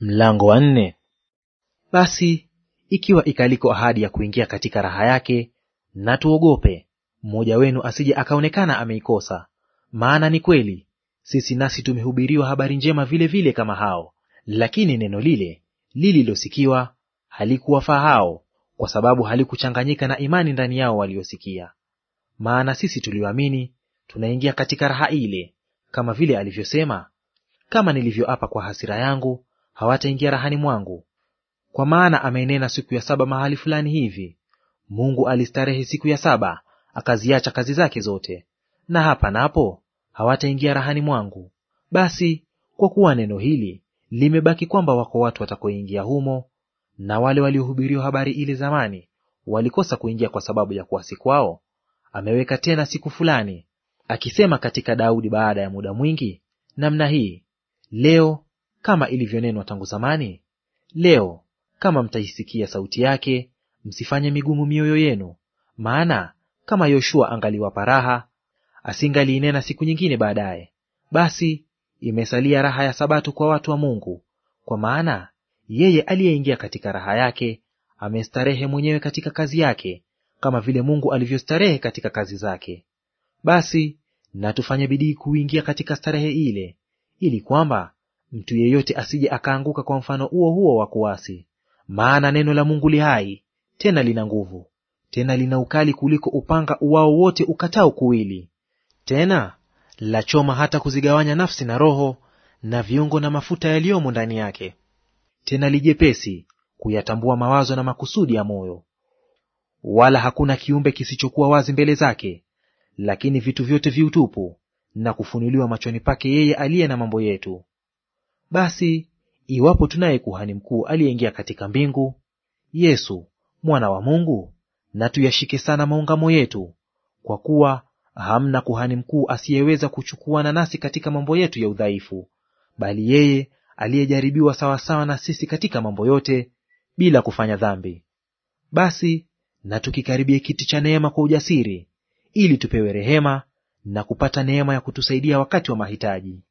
Mlango wa nne. Basi ikiwa ikaliko ahadi ya kuingia katika raha yake, na tuogope mmoja wenu asije akaonekana ameikosa. Maana ni kweli sisi nasi tumehubiriwa habari njema vile vile kama hao, lakini neno lile lililosikiwa halikuwafaa hao, kwa sababu halikuchanganyika na imani ndani yao waliosikia. Maana sisi tulioamini tunaingia katika raha ile, kama vile alivyosema, kama nilivyoapa kwa hasira yangu hawataingia rahani mwangu, kwa maana amenena siku ya saba mahali fulani hivi. Mungu alistarehe siku ya saba, akaziacha kazi zake zote, na hapa napo hawataingia rahani mwangu. Basi kwa kuwa neno hili limebaki kwamba wako watu watakoingia humo, na wale waliohubiriwa habari ile zamani walikosa kuingia kwa sababu ya kuasi kwao, ameweka tena siku fulani, akisema katika Daudi baada ya muda mwingi namna hii, leo kama ilivyonenwa tangu zamani, leo kama mtaisikia sauti yake, msifanye migumu mioyo yenu, maana kama Yoshua angaliwapa raha, asingaliinena siku nyingine baadaye. Basi imesalia raha ya Sabato kwa watu wa Mungu, kwa maana yeye aliyeingia katika raha yake amestarehe mwenyewe katika kazi yake, kama vile Mungu alivyostarehe katika kazi zake. Basi na tufanye bidii kuingia katika starehe ile, ili kwamba Mtu yeyote asije akaanguka kwa mfano huo huo wa kuasi. Maana neno la Mungu li hai, tena lina nguvu, tena lina ukali kuliko upanga uwao wote ukatao kuwili, tena lachoma hata kuzigawanya nafsi na roho na viungo na mafuta yaliyomo ndani yake, tena lijepesi kuyatambua mawazo na makusudi ya moyo. Wala hakuna kiumbe kisichokuwa wazi mbele zake, lakini vitu vyote viutupu na kufunuliwa machoni pake yeye aliye na mambo yetu. Basi iwapo tunaye kuhani mkuu aliyeingia katika mbingu, Yesu mwana wa Mungu, na tuyashike sana maungamo yetu, kwa kuwa hamna kuhani mkuu asiyeweza kuchukuana nasi katika mambo yetu ya udhaifu, bali yeye aliyejaribiwa sawasawa na sisi katika mambo yote, bila kufanya dhambi. Basi na tukikaribie kiti cha neema kwa ujasiri, ili tupewe rehema na kupata neema ya kutusaidia wakati wa mahitaji.